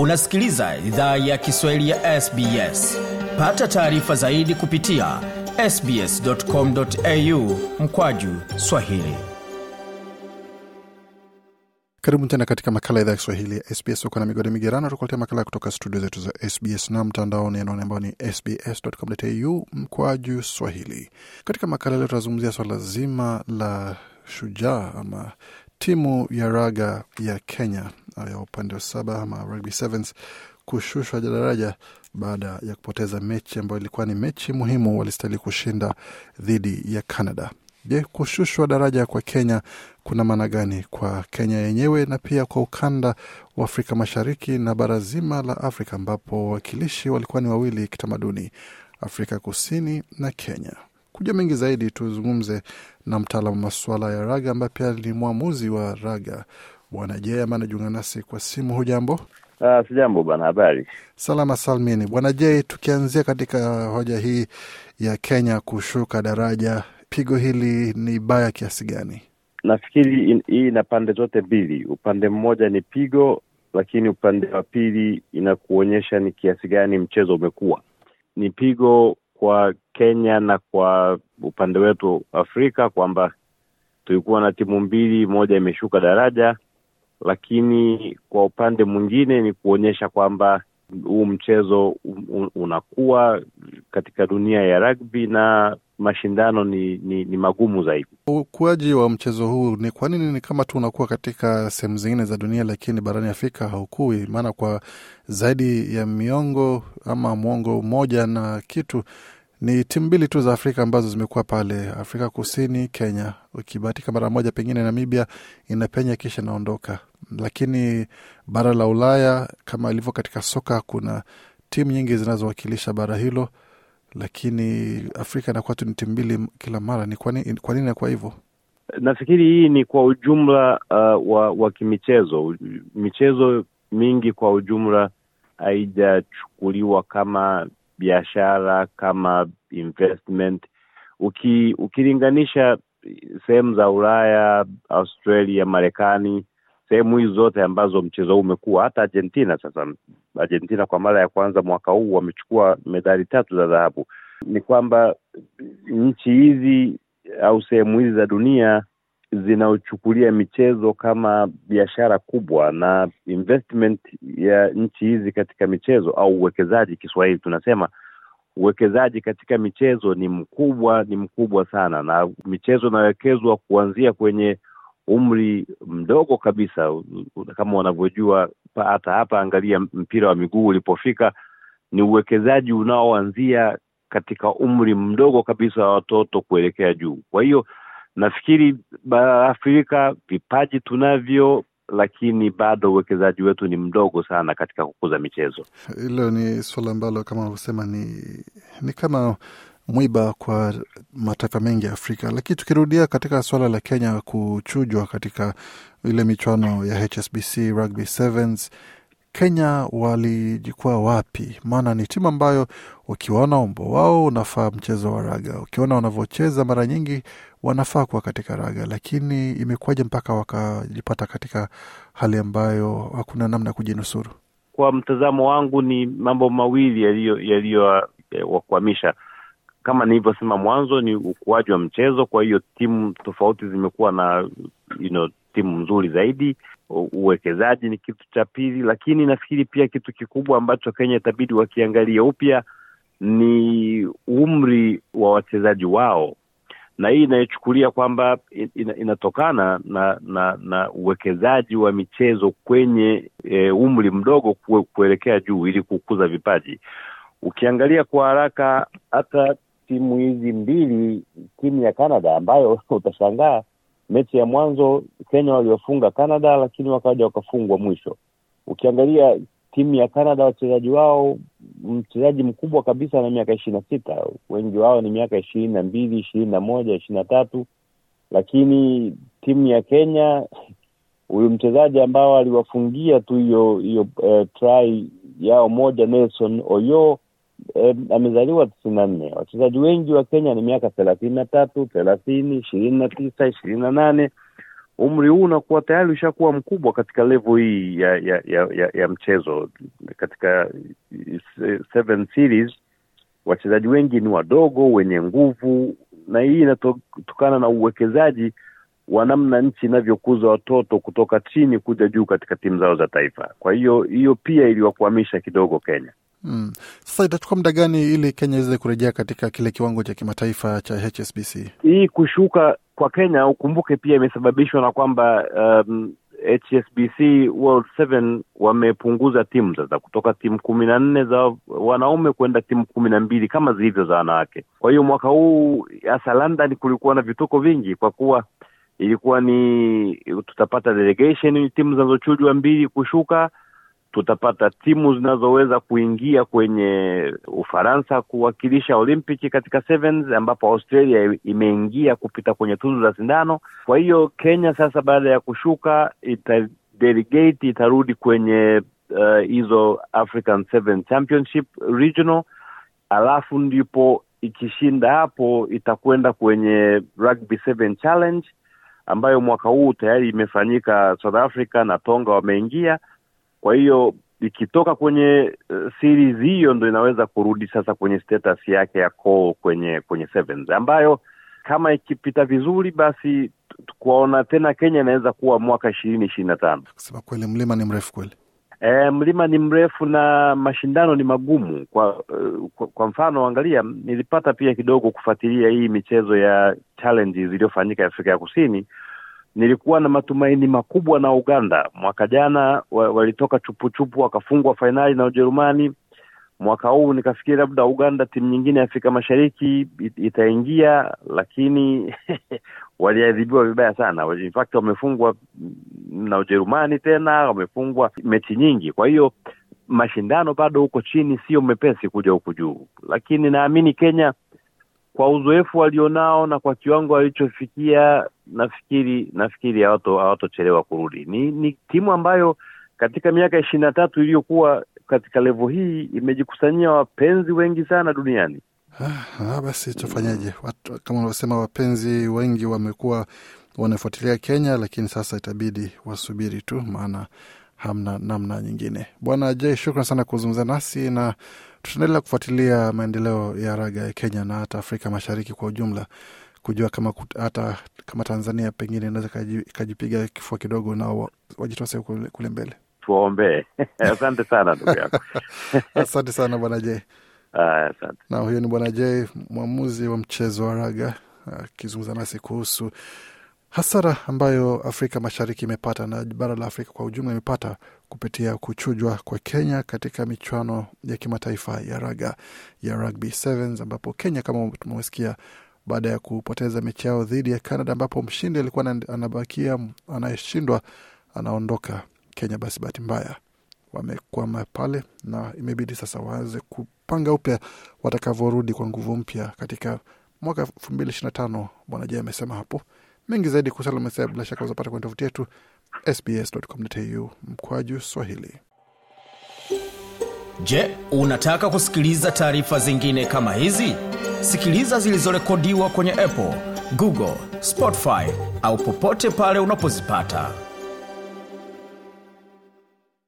unasikiliza idhaa ya kiswahili ya sbs pata taarifa zaidi kupitia sbscomau mkwaju swahili karibu tena katika makala idhaa ya kiswahili ya sbs ukona migode migerano tukuletea makala kutoka studio zetu za sbs na mtandaoni anaone ambao ni sbscomau mkwaju swahili katika makala leo tunazungumzia swala zima la shujaa ama timu ya raga ya Kenya eh, ya upande wa saba ama rugby sevens kushushwa daraja baada ya kupoteza mechi ambayo ilikuwa ni mechi muhimu walistahili kushinda dhidi ya Canada. Je, kushushwa daraja kwa Kenya kuna maana gani kwa Kenya yenyewe na pia kwa ukanda wa Afrika Mashariki na bara zima la Afrika ambapo wawakilishi walikuwa ni wawili kitamaduni, Afrika Kusini na Kenya? Kujua mengi zaidi, tuzungumze na mtaalamu wa masuala ya raga ambaye pia ni mwamuzi wa raga, Bwana ambaye anajiunga nasi kwa simu. Hujambo? Uh, sijambo bwana, habari? Salama salmini. Bwana J, tukianzia katika hoja hii ya Kenya kushuka daraja, pigo hili ni baya kiasi gani? Nafikiri hii ina pande zote mbili. Upande mmoja ni pigo, lakini upande wa pili inakuonyesha ni kiasi gani mchezo umekuwa. Ni pigo kwa Kenya na kwa upande wetu Afrika kwamba tulikuwa na timu mbili, moja imeshuka daraja, lakini kwa upande mwingine ni kuonyesha kwamba huu mchezo unakuwa katika dunia ya rugby na mashindano ni, ni, ni magumu zaidi. Ukuaji wa mchezo huu ni kwa nini? Ni kama tu unakuwa katika sehemu zingine za dunia, lakini barani Afrika haukui, maana kwa zaidi ya miongo ama mwongo mmoja na kitu ni timu mbili tu za Afrika ambazo zimekuwa pale, Afrika Kusini, Kenya, ukibahatika mara moja pengine Namibia inapenya kisha inaondoka lakini bara la Ulaya kama ilivyo katika soka, kuna timu nyingi zinazowakilisha bara hilo, lakini Afrika inakuwa tu ni timu mbili kila mara. Ni kwa nini inakuwa hivyo? Nafikiri hii ni kwa ujumla uh, wa, wa kimichezo. Michezo mingi kwa ujumla haijachukuliwa kama biashara, kama investment. Uki, ukilinganisha sehemu za Ulaya, Australia, Marekani sehemu hizi zote ambazo mchezo huu umekuwa hata Argentina. Sasa Argentina kwa mara ya kwanza mwaka huu wamechukua medali tatu za dhahabu. Ni kwamba nchi hizi au sehemu hizi za dunia zinaochukulia michezo kama biashara kubwa, na investment ya nchi hizi katika michezo au uwekezaji, Kiswahili tunasema uwekezaji katika michezo ni mkubwa, ni mkubwa sana, na michezo inawekezwa kuanzia kwenye umri mdogo kabisa, kama wanavyojua hata hapa, angalia mpira wa miguu ulipofika, ni uwekezaji unaoanzia katika umri mdogo kabisa wa watoto kuelekea juu. Kwa hiyo nafikiri bara Afrika vipaji tunavyo, lakini bado uwekezaji wetu ni mdogo sana katika kukuza michezo. Hilo ni suala ambalo kama unavyosema ni, ni kama mwiba kwa mataifa mengi ya Afrika. Lakini tukirudia katika suala la Kenya kuchujwa katika ile michuano ya HSBC Rugby Sevens, Kenya walijikwaa wapi? Maana ni timu ambayo ukiwaona umbo wao unafaa mchezo wa raga, ukiona wanavyocheza mara nyingi wanafaa kuwa katika raga, lakini imekuwaje mpaka wakajipata katika hali ambayo hakuna namna ya kujinusuru? Kwa mtazamo wangu ni mambo mawili yaliyowakwamisha. Eh, kama nilivyosema mwanzo ni ukuaji wa mchezo kwa hiyo timu tofauti zimekuwa na you know, timu nzuri zaidi uwekezaji ni kitu cha pili lakini nafikiri pia kitu kikubwa ambacho kenya itabidi wakiangalia upya ni umri wa wachezaji wao na hii inayochukulia kwamba inatokana na na na uwekezaji wa michezo kwenye e, umri mdogo kuelekea juu ili kukuza vipaji ukiangalia kwa haraka hata timu hizi mbili, timu ya Canada ambayo utashangaa mechi ya mwanzo Kenya waliofunga Canada, lakini wakaja wakafungwa mwisho. Ukiangalia timu ya Canada wachezaji wao, mchezaji mkubwa kabisa na miaka ishirini na sita, wengi wao ni miaka ishirini na mbili, ishirini na moja, ishirini na tatu, lakini timu ya Kenya huyu mchezaji ambao aliwafungia tu hiyo hiyo uh, try yao moja Nelson Oyo eh, amezaliwa tisini na nne. Wachezaji wengi wa Kenya ni miaka thelathini na tatu, thelathini, ishirini na tisa, ishirini na nane. Umri huu unakuwa tayari ushakuwa mkubwa katika levo hii ya ya, ya ya ya mchezo katika seven series. Wachezaji wengi ni wadogo wenye nguvu, na hii inatokana na uwekezaji wa namna nchi inavyokuza watoto kutoka chini kuja juu katika timu zao za taifa. Kwa hiyo hiyo pia iliwakwamisha kidogo Kenya. Mm. Sasa itachukua muda gani ili Kenya iweze kurejea katika kile kiwango cha kimataifa cha HSBC? Hii kushuka kwa Kenya, ukumbuke pia imesababishwa na kwamba um, HSBC World 7 wamepunguza timu sasa kutoka timu kumi na nne za wanaume kwenda timu kumi na mbili kama zilivyo za wanawake. Kwa hiyo mwaka huu hasa London kulikuwa na vituko vingi, kwa kuwa ilikuwa ni tutapata delegation timu zinazochujwa mbili kushuka tutapata timu zinazoweza kuingia kwenye Ufaransa kuwakilisha Olimpiki katika sevens, ambapo Australia imeingia kupita kwenye tuzo za sindano. Kwa hiyo Kenya sasa baada ya kushuka itadelegate, itarudi kwenye uh, hizo uh, African Seven Championship Regional, alafu ndipo ikishinda hapo itakwenda kwenye Rugby Seven Challenge ambayo mwaka huu tayari imefanyika South Africa na Tonga wameingia kwa hiyo ikitoka kwenye uh, series hiyo ndo inaweza kurudi sasa kwenye status yake ya call kwenye kwenye sevens ambayo kama ikipita vizuri basi kuwaona tena Kenya inaweza kuwa mwaka ishirini ishirini na tano. Kusema kweli, mlima ni mrefu kweli. E, mlima ni mrefu na mashindano ni magumu. Kwa uh, eh, kwa, kwa mfano angalia, nilipata pia kidogo kufuatilia hii michezo ya challenges iliyofanyika Afrika ya Kusini nilikuwa na matumaini makubwa na Uganda. Mwaka jana walitoka chupuchupu wakafungwa fainali na Ujerumani. Mwaka huu nikafikiri labda Uganda, timu nyingine ya Afrika Mashariki itaingia, lakini waliadhibiwa vibaya sana. In fact wamefungwa na Ujerumani, tena wamefungwa mechi nyingi. Kwa hiyo mashindano bado huko chini, sio mepesi kuja huku juu, lakini naamini Kenya kwa uzoefu walionao na kwa kiwango walichofikia, nafikiri nafikiri hawatochelewa kurudi. Ni, ni timu ambayo katika miaka ishirini na tatu iliyokuwa katika levo hii imejikusanyia wapenzi wengi sana duniani. Ah, ah basi tufanyaje? Watu, kama unavyosema wapenzi wengi wamekuwa wanafuatilia Kenya, lakini sasa itabidi wasubiri tu, maana hamna namna nyingine. Bwana Jay, shukran sana kuzungumza nasi na Tutaendelea kufuatilia maendeleo ya raga ya Kenya na hata Afrika Mashariki kwa ujumla kujua kama hata kama Tanzania pengine inaweza ikajipiga kifua kidogo na wajitose kule mbele. Tuwaombee. Asante sana ndugu yako. Asante sana bwana J. Ah, na huyo ni bwana J, mwamuzi wa mchezo wa raga akizungumza nasi kuhusu hasara ambayo Afrika Mashariki imepata na bara la Afrika kwa ujumla imepata kupitia kuchujwa kwa Kenya katika michuano ya kimataifa ya raga ya rugby sevens, ambapo Kenya kama tumesikia baada ya kupoteza mechi yao dhidi ya Canada ambapo mshindi alikuwa anabakia anayeshindwa anaondoka. Kenya basi bahati mbaya wamekwama pale, na imebidi sasa waanze kupanga upya watakavyorudi kwa nguvu mpya katika mwaka elfu mbili ishirini na tano. Bwana amesema hapo. Mengi zaidi kuhusu hilo bila shaka uzapata kwenye tovuti yetu sbs.com.au mkwaju Swahili. Je, unataka kusikiliza taarifa zingine kama hizi? Sikiliza zilizorekodiwa kwenye Apple, Google, Spotify au popote pale unapozipata.